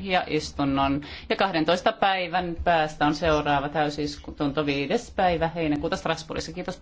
ja istunnon. Ja 12 päivän päästä on seuraava täysistunto 5. päivä heinäkuuta Strasbourgissa. Kiitos paljon.